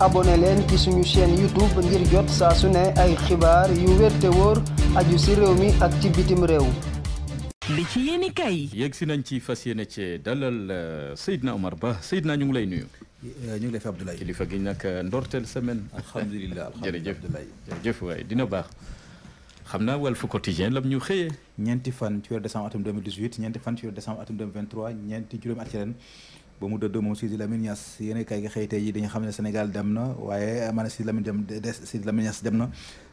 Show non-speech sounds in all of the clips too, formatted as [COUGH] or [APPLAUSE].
abonné leen ci suñu chaîne YouTube ngir jot saa su ne ay xibaar yu wér te wóor aju si réew mi ak ci bitim réew. li ci yéeni kay. yegg si nañ ci fas yéene ci dalal euh, Seydina Omar Ba Seydina ñu ngi lay nuyu. Euh, ñu ngi lay fi Abdoulaye. kilifa gi nag euh, ndorteel semaine. alhamdulilah [LAUGHS] jërëjëf jërëjëf waay dina baax. xam naa Walf Quotidien lam ñu xëyee. ñeenti fan ci weeru décembre atum 2018 ñeenti fan ci weeru décembre ñeenti juróomi at ba mu dëdd moom Sidi Lamine Niass yéen kay gi xëy tey yi dañu xam ne Sénégal dem na waaye amaana Sidi Lamine dem Sidi Lamine Niass dem na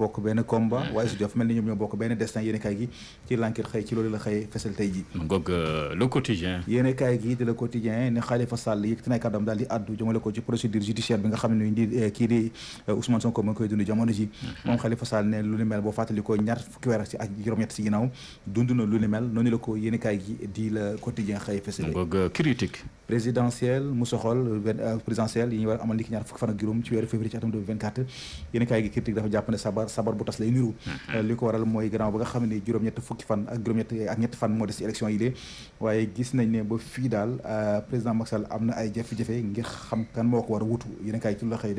bokk benn combat [LAUGHS] waaye su dafa mel ni ñoom ñoo bokk benn destin yéen gi ci l'enquête xëy ci loolu la xëy fesal ji ngoog euh, le quotidien yéen gi di le quotidien ne Khalifa Sall yëkkati ci procédure judiciaire euh, euh, mhm. lu ni noonu la ko yéen gi di le quotidien xëy fesal ngoog critique présidentielle mu soxol présidentielle yi ñu war amal ni ki ñaar fukki fan ak juróom ci weeru février ci atum 2024 yéen kaay gi critique dafa sabar bu tas lay niru mm-hmm. li ko waral mooy gannaaw ba nga xam ne juróom-ñett fukki fan ak juróom-ñett fan moo des ci élection yi waaye gis nañ ne ba fii daal euh, président Macky ay jafe-jafe ngir xam kan moo ko war a wutu yéen a kaay ci la yi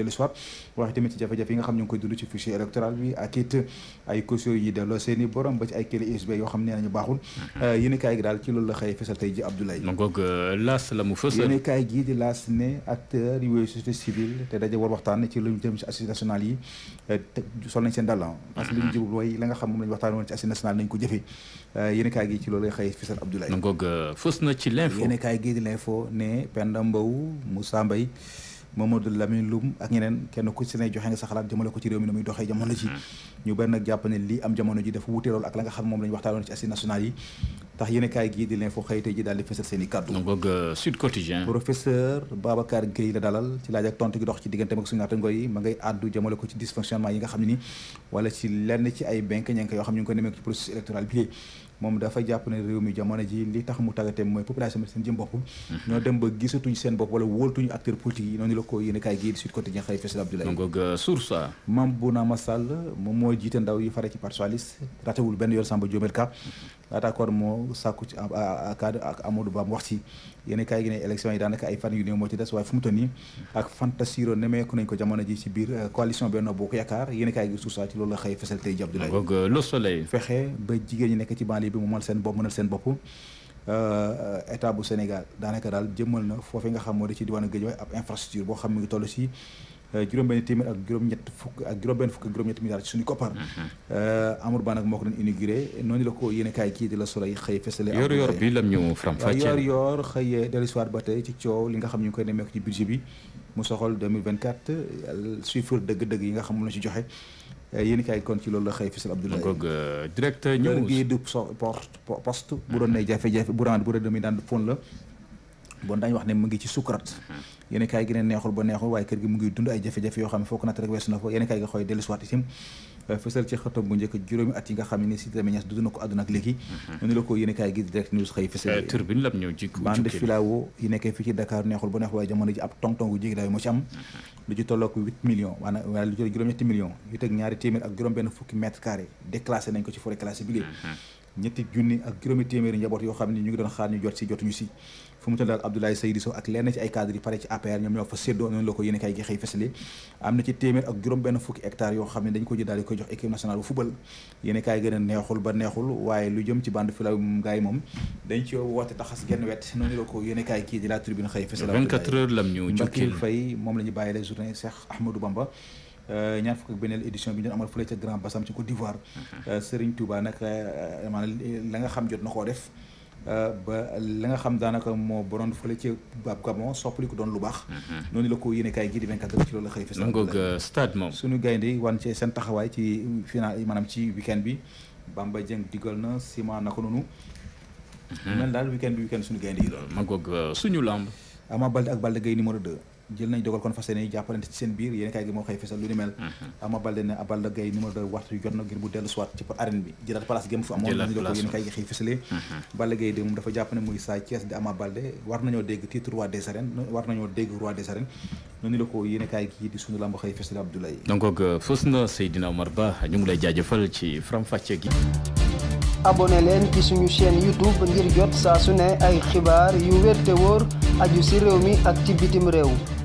nga xam koy dund ci fichier électoral bi ak ay caution yi delloo seen i borom ba ci ay clé USB yoo xam ne nañu baaxul mm-hmm. euh, yéen a kaay gi daal ci loolu la xëy fesal tey ji Abdoulaye euh, laas la mu fësal yéen a kaay gii di laas ne acteur yi wooyu société civile te daje war waxtaan nañ seen dàll parce que li ñu mm-hmm. jublu way la nga xam moom la waxtaan woon ci assemblée nationale nañ ko jëfee euh, yéen kaay gi ci loolu nga xëy Fissel Abdoulaye ngoog euh, fës na ci l'info yéen kaay gi di l'info ne Penda Mbow Moussa Mbaye Mamadou Lamine ak ñeneen kenn ku ci ne joxe nga sa xalaat jëmale ko ci réew mi ne muy doxee jamono ji mm-hmm. ñu bari nag jàpp am jamono ji dafa wuute loolu ak la nga xam moom la ñu waxtaan woon ci assemblée nationale yi tax yéenekaay gii di l'info xëy tey ji daal di fësal seen i kaddu euh, Sud Quotidien professeur Babacar Gueye la dalal ci laaj ak dox ci digganteem ak suñu naatango ma ngay àddu jëmale ko ci dysfonctionnement yi nga xam ni wala ci lenn ci ay bank ña ngi xam ñu ngi ko nemee ci processus électoral bi moom dafa jàpp ne réew mi jamono ji li tax mu tàggateem mooy population seen jëm bopp mhm. ñoo dem ba gisatuñ seen bopp wala wóoltuñu acteur politique yi noonu la ko yéen euh, mhm. kaay gi ne élection yi daanaka ay fan yu néew moo ci des waaye fu mu mhm. ak fantasiro nemeeku nañ ko jamono ji ci biir euh, coalition Benno Bokk Yaakaar yéen kaay gi source ci loolu la xëy Fesal tey ji Abdoulaye euh, fexe ba jigéen ñi nekk ci banlieue bi mu mën seen bopp mënal seen bopp euh, état bu Sénégal daanaka daal jëmmal na foofee nga xam moo di ci diwaanu Guédiawaye ab infrastructure boo xam mi ngi toll si euh, juróom-benn téeméer ak juróom-ñett fukk ak juróom-benn fukk ak juróom-ñett milliards suñu koppar. Mm-hmm. Euh, Amadou Ba nag moo ko doon inauguré noonu la ko yéen kii di la Soleil xëy fësale. yor yor bi lam ñu faram fàccee yor yor xëy dellusiwaat ba tey ci coow li nga xam ñu ngi koy nemmeeku ci budget bi mu soxal 2024 chiffre dëgg Eh, yéen kaay kon ci loolu la xëy Fissel Abdoulaye. donc euh, direct news kër gii du porte poste. bu doon na jafe-jafe bu daan bu doon demee daan fóon la bon daañu wax ne mu ngi ci sukkarat. Ah. yéen kaay gi ne neexul ba neexul waaye kër gi mu ngi dund ay jafe-jafe yoo xam ne foog natt rek weesu na ko yéen gi xooy dellu siwaat itam euh, fësal ci xëtam bu njëkk juróomi at yi mhm. euh, nekkee fii ci Dakar neexul ba neexul waaye jamono ji ab tong-tong gu jéggi daay moo ci am mhm. lu ci tolloog 8 millions waaye lu juróom-ñetti millions yu teg ñaari téeméer ak juróom benn fukki mètre carré déclassé nañ ko ci forêt classée bi mhm. ñetti junni ak juróomi téeméeri njaboot yoo xam ne ñu ngi doon xaar ñu jot si jotuñu si fu mu toll daal Abdoulaye Seydou Sow ak lenn ci ay cadres yi pare ci APR ñoom ñoo fa séddoo noonu la ko yéen kay ne dañ ko jël daal di koy jox a neexul ba neexul waaye moom dañ ci woote taxas genn wet noonu la ko yéen kay kii di la tribune xëy fesal 24 heures lam ñu Mbakil Faye moom la bàyyi la journée Cheikh Ahmadou Bamba Euh, ñaar fukk ak beneen édition bi ñu doon amal fële ca Grand Bassam ci Côte d'Ivoire. Mhm. Euh, Serigne Touba nag euh, maanaam la nga xam jot na koo def. ba la nga xam daanaka moo bonoon fële ci baab Gabon soppali ko doon lu baax. Mhm. noonu la ko yéene kaay gi di 24 heures ci loolu la xëy. fës ngoog stade moom. suñu gaynde wan seen taxawaay ci final manam ci weekend bi Bamba Dieng digal na Sima naka noonu. Mhm. mel daal weekend bi weekend suñu gaynde yi. ma ngoog suñu lamb. Ama Baldé ak Balla Gaye numéro jël nañ dogal kon fas yéene jàppalante ci seen biir yéen kaay gi moo xëy fesal lu ni mel mhm. Ama Baldé ne Balla Gaye numéro 2 waxtu yu jot na ngir mu dellu soit ci arène bi jëlaat place gëm fu amoon ñu la ko yéen kaay gi xëy fesalee mhm. Balla Gaye de moom dafa jàpp ne muy saa Thiès di Ama Baldé war nañoo dégg titre roi des arènes war nañoo dégg roi des arènes noonu la ko yéen kaay gi di sunu lamb xëy fesale Abdoulaye donc euh, fës na Seydina Omar Ba ñu ngi lay jaajëfal ci faram fàcce gi abonné leen ci suñu chaîne YouTube ngir jot saa su ne ay xibaar yu wér te wóor aju ci réew mi ak ci bitim réew